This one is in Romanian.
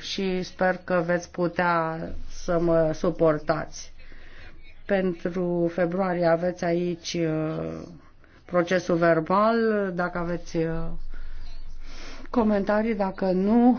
și sper că veți putea să mă suportați. Pentru februarie aveți aici uh, procesul verbal, dacă aveți uh, comentarii, dacă nu,